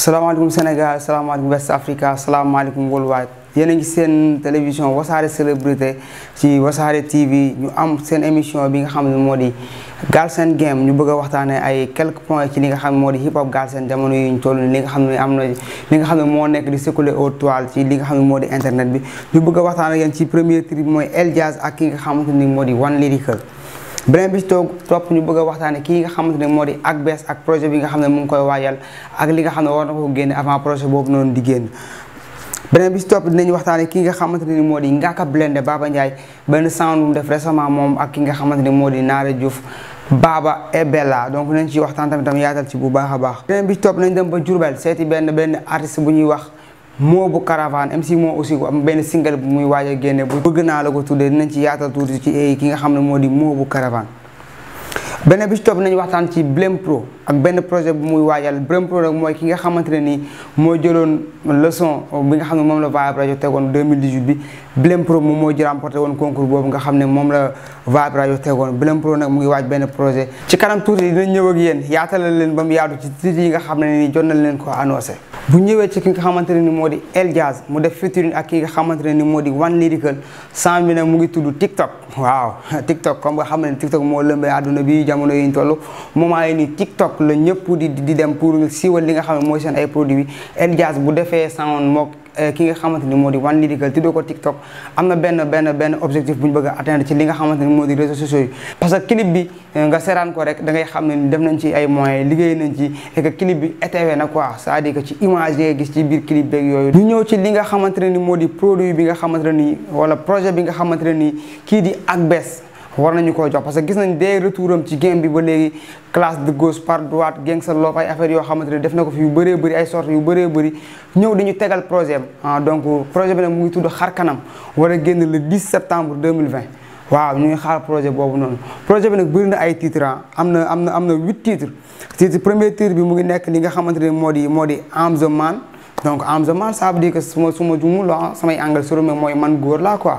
salaamaaleykum Sénégal salaamaaleykum West Africa salaamaaleykum worldwide yéen a ngi seen télévision wasaare célébrité ci wasaare TV ñu am seen émission bi nga xam ne moo di Galsen Game ñu bëgg waxtaanee ay quelques points ci li nga xam ne moo di hip hop Galsen jamono yi ñu toll li nga xam ne am na li nga xam ne moo nekk di circuler au toile ci li nga xam ne moo di internet bi ñu bëgg a waxtaan ak yéen ci premier trip mooy El Jazz ak ki nga xamante ni moo di One Lyrical beneen bi ci topp ñu bëgg a waxtaane kii nga xamante ne moo di ak ACBES ak projet bi nga xam ne mu ngi koy waajal ak li nga xam ne war na ko génne avant projet boobu noonu di génn beneen bi ci topp dinañ waxtaane kii nga xamante ne moo di Ngaaka Blindé Baba Ndiaye benn sound mu def récemment moom ak ki nga xamante ne moo di Naare Diouf Baba et Bella donc nañ ci waxtaan tamit tam yaatal ci bu baax a baax beneen bi ci topp nañ dem ba Diourbel seeti benn benn artiste bu ñuy wax moo bu caravane si moo aussi am benn single bu muy waaj a génne bu bëgg naa la ko tuddee dinañ ci yaatal tuuti ci eh, ki nga xam ne moo di moo bu caravane beneen bi ci topp nañu waxtaan ci Blame Pro ak benn projet bu muy waajal Blame Pro nag mooy ki nga xamante ne nii moo jëloon leçon bi nga xam ne moom la Vibe Radio tegoon 2018 bi Blame Pro moom moo jël remporté woon concours boobu nga xam ne moom la Vibe Radio tegoon Blame Pro nag mu ngi waaj benn projet ci kanam tuuti dinañ ñëw ak yéen yaatalal leen ba mu yaatu ci titre yi nga xam ne nii nañ leen ko annoncé bu ñëwee ci ki nga xamante ne ni moo di El Jazz mu def featuring ak ki nga xamante ne ni moo di One Lyrical sang bi nag mu ngi tudd TikTok waaw TikTok comme nga xam ne TikTok moo lëmbee àdduna bi jamono yi ñu toll moment yi nii TikTok la ñëpp di dem pour nga xam eh, ni moo di One Lyrical tuddee ko TikTok am na benn benn benn objectif a atteindre ci li nga xamante moo di bi eh, nga seeraan ko et bi étewe na quoi produit bi nga xamante ne projet bi nga xamante kii di Akbess war nañu ko jox parce que gis nañ dès retour am ci game bi ba léegi classe de gauche par droite geng sa loof ay affaire yoo xamante ne def na ko fi yu bëree bëri ay sorte yu bëree bëri ñëw dañu tegal projet ah, donc projet bi nag mu ngi tudd xar kanam war a génn le 10 septembre 2020 waaw ñu ngi xaar projet boobu noonu projet bi nag bëri na ay tiitran ah, am na am na am na huit titres titre premier titre bi mu ngi nekk li nga xamante ne moo di moo di Am the Man donc am the man ça veut dire que su ma su ma jumul samay anglais su ma mooy man góor laa quoi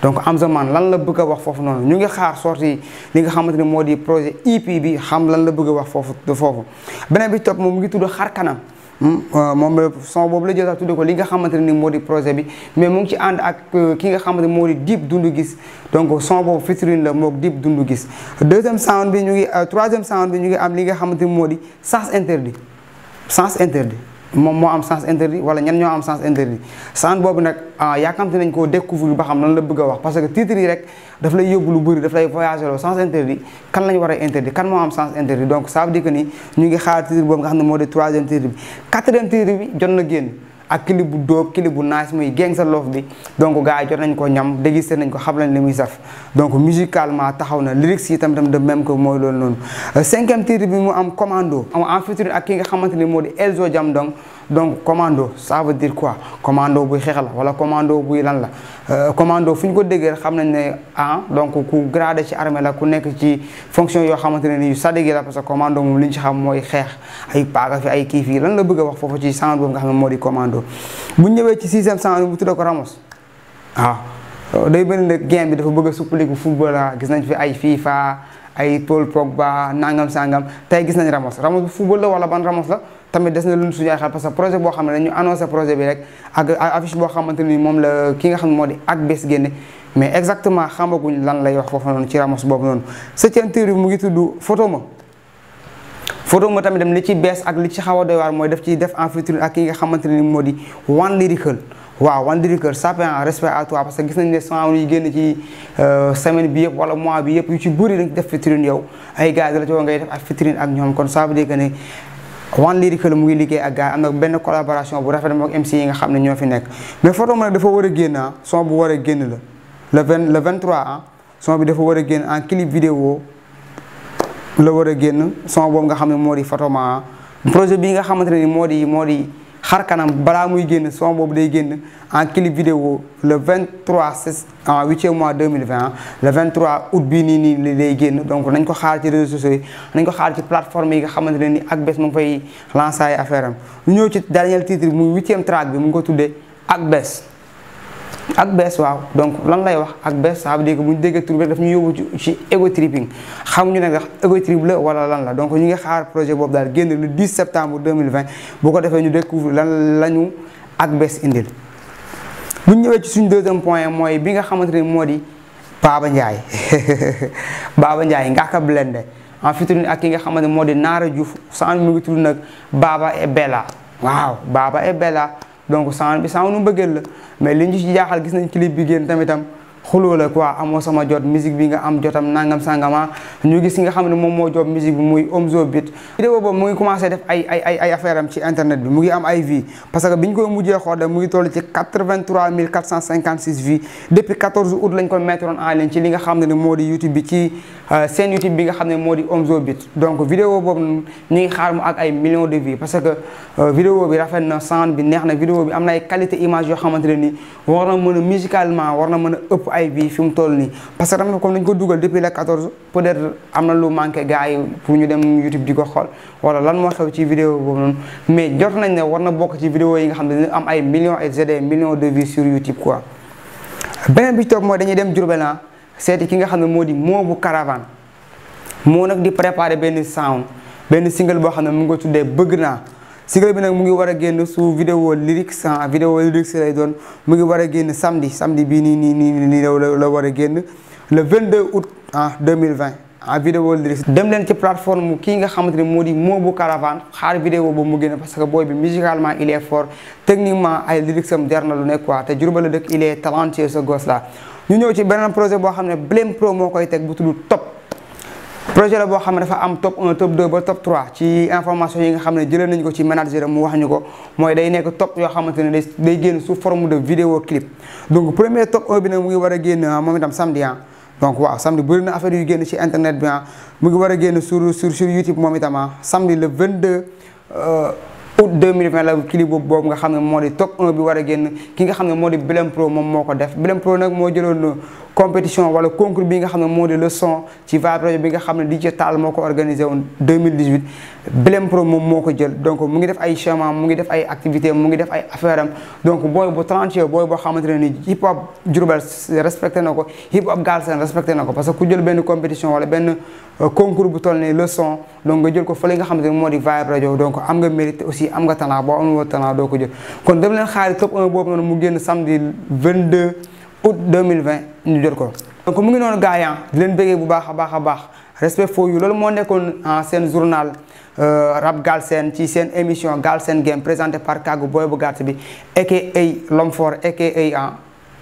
donc am the man lan la bëgg a wax foofu noonu ñu ngi xaar sorti li nga xamante ne moo di projet EP bi xam lan la bëgg a wax foofu de foofu beneen bi topp moom mu ngi tudd xar kanam hmm? euh, moom la son boobu la jël sax tudd ko li nga xamante ne ni moo di projet bi mais mu ngi ci ànd ak euh, ki nga xamante ne moo di Dip Doundou gis donc son boobu featuring la moog Dip Doundou gis deuxième sound bi ñu ngi euh, troisième sound bi ñu ngi am li nga xamante moo di sens interdit sens interdit moom moo am sens interdit wala ñan ñoo am sens interdit sens boobu nag ah, yaakamte nañ koo découvrir ba xam lan la bëgg wax parce que titre yi rek daf lay yóbbu lu bëri daf lay voyager loo sens interdit kan lañ war interdit kan moo am sens interdit donc ça veut ñu ngi xaar titre boobu nga xam ne moo di troisième titre bi quatrième titre bi jot na génn ak clip bu dóob clip bu nice muy Gangs Love bi donc gars yi jot nañ ko ñam déguster nañ ko xam nañ li muy saf donc musicalement taxaw na lyrics yi tam tam de même ko mooy loolu noonu euh, cinquième titre bi mu am commando am en featuring ak ki nga xamante ni moo di Elzo donc donc commando ça veut quoi commando buy xeex la wala commando buy lan la euh, commando fu ñu ko déggee xam nañ ne ah donc ku gradé ci armée la ku nekk ci fonction yoo xamante ne ni sa sadégi la parce que commando moom li ñu ci xam mooy xeex ay paaga fi ay kii fii lan la bëgg a wax foofu ci centre boobu nga xam ne moo di commando bu ñëwee ci sixième centre bu tudda ko Ramos ah day bëri ne game dafa bëgg a suppaliku football la ah, gis nañ fi ay FIFA ay Paul Pogba nangam sangam tey gis nañ Ramos Ramos bu la wala ban Ramos la tamit des na lu ñu suñu xel parce que projet boo xam ne dañu annoncé projet bi rek ak affiche boo xamante moom la ki nga xam ne moo di ak bés génne mais exactement xamaguñ lan lay wax foofu noonu ci ramos boobu noonu septième théorie mu ngi tudd li ci bees ak li ci xaw a mooy def ci def en featuring ak ki nga xamante ni moo di One Lyrical waaw One Lyrical sapé en respect à toi parce que gis nañ ne son yu génn ci euh, semaine bi yëpp wala mois bi yëpp yu ci bëri dañ def featuring yow ay gars la ci ngay def ak featuring ñoom kon ça veut dire ne One Lyrical mu ngi liggéey ak gars yi am na benn collaboration bu rafet mook MC yi nga xam ne ñoo fi nekk mais photo moom nag dafa war a génn ah son bu war a génn la le vingt le vingt trois ah son bi dafa war a génn en clip vidéo war a génn son boobu nga xam ne moo di photo ma ah. projet bii nga xamante ni moo di moo di. xar kanam balaa muy génn son boobu day génn en clip vidéo le 23 6 en 8e mois 2020 le 23 août bi nii nii day génn donc nañ ko xaar ci réseaux sociaux yi nañ ko xaar ci plateforme yi nga xamante ne ni ak bés mu ngi fay lancer ay affaire am ñu ñëw ci dernier titre muy 8e track bi mu ngi ko tuddee ak bés ak bees waaw donc lan lay wax ak bees ça veut dire que bu ñu déggee tur bi daf ñu yóbbu ci ego tripping xamuñu ne ndax ego trip la wala lan la donc ñu ngi xaar projet boobu daal génn le 10 septembre 2020 bu ko defee ñu découvre lan lañu ak bees indil bu ñu ñëwee ci suñu deuxième point mooy bi nga xamante ne moo di baaba Ndiaye Baba Ndiaye Ngaaka Blindé en featuring ak ki nga xamante ne moo di Nara Diouf saan mu ngi tudd nag baaba et Bella waaw Baba et Bella donc sound bi sound nu mbëggeel la mais li ñu ci jaaxal gis nañ clip bi génn tamitam xuloo la quoi amoo sama jot musique bi nga am jotam nangam sangama ñu gis xam ne moom moo job musique bi muy Omzo Beat vidéo boobu mu ngi commencé def ay ay affaire am ci internet bi mu ngi am ay vues parce que bi ñu koy mujjee xool ci moo di YouTube bi ci euh, seen YouTube bi nga xam ne moo di Omzo Beat donc vidéo boobu ñu ngi xaar mu ak ay millions de vues parce que euh, vidéo bi rafet na sound bi neex na vidéo bi am na ay qualité image yoo xamante ne ni mën musicalement war mën a ay bii fi mu toll nii parce que tamit ko dugal depuis le 14 peut-être am na lu manqué gars yi pour ñu dem YouTube di ko xool wala lan moo xew ci vidéo boobu noonu mais jot nañ ne war na bokk ci vidéo yi nga xam ne dina am ay millions et des millions de vues sur YouTube quoi. beneen bi ci topp mooy dañuy dem Diourbel ah, seeti ki nga xam ne moo di moo bu caravane moo nag di préparer benn sound benn single boo xam ne mu ngi ko tuddee bëgg naa. single bi nag mu ngi war a génn su vidéo lyrics ah vidéo lay doon mu ngi war a génn samedi samedi bi nii nii nii nii la la war a génn le 22 août ah 2020 ah vidéo lyrics dem leen ci plateforme kii nga xamante ne moo di Mobou Caravane xaar vidéo boobu mu génn parce que booy bi musicalement il est fort techniquement ay lyrics am jar na lu nekk quoi te Diourbel la dëkk il est talentueux ce gosse là. ñëw ci beneen projet boo xam ne Blame Pro moo koy teg bu tudd Top. projet la bo xamne dafa am top 1 eh, top 2 ba top 3 ci information yi nga xamne jëlé nañ ko ci manager mu wax ñuko moy day nekk top yo xamantene day génn sous forme de vidéo clip donc premier top 1 eh, bi eh, ah. nak mu ngi wara génn momi tam samedi hein donc waaw samedi bu leen affaire yu génn ci internet bi hein mu ngi wara génn sur sur sur youtube momi tam ah. samedi le 22 août 2020 la clip bob bob nga xamne modi top 1 bi wara génn ki nga xamne modi blem pro mom moko def blem pro nak mo jëlone compétition wala concours bi nga xam ne moo di leçon ci Vibe Radio bi nga xam ne DJ Tall moo ko organisé woon 2018 Blem Pro moko moo jël donc mu ngi def ay chama mu ngi def ay activité mu ngi def ay affaiream donc boy bu 30 booy boo xamante ne ni hip hop Diourbel respecté nako hip hop Galsen respecté nako parce que ku jël ben compétition wala ben concours bu tolné nii leçon donc nga jël ko fële nga xamante ne Vibe Radio donc am nga mérite aussi am nga talent bo am woon talent doo ko jël kon dem len xaari top 1 bobu noonu mu génn samedi 22 août 2020 ñu le ko donc mu ngi noonu gaayan ah, di leen bëggee bu baax a baax a baax respect for you journal euh, rap Galsen ci une émission Galsen Game présenté par Kago Boy bu gàtt bi aka l'homme fort aka ah,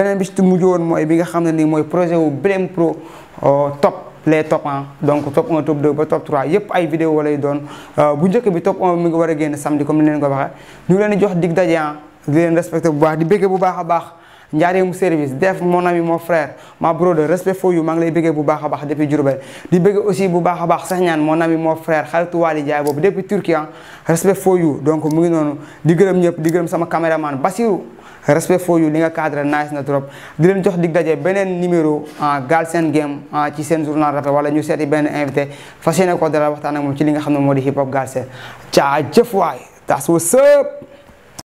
benen e bi ci mujj won moy bi nga xamne ni moy e projet wu blem pro top les top 1 donc top 1 top 2 ba top 3 yep ay vidéo walay don euh, bu ñëk bi top 1 mi nga wara genn samedi comme ni leen ko waxa ñu leen jox dig dajian di leen respecter bu baax di bëgg bu baaxa baax njaareemu service def mon ami mon frère ma brother respect for you maa ngi lay bëggee bu baax a baax depuis Diourbel di bëggee aussi bu baax a baax sax ñaan mon ami mon frère xaritu Waly Diaye boobu depuis Turquie ah. respect for you donc mu ngi noonu di gërëm ñëpp di gërëm sama caméraman Basirou respect for you li nga cadre nice na trop di jox dig daje beneen numéro ah, en Game ah, ci seen journal rap wala ñu seeti benn invité fas yéene ko dara waxtaan ak moom li nga xam ne moo di hip hop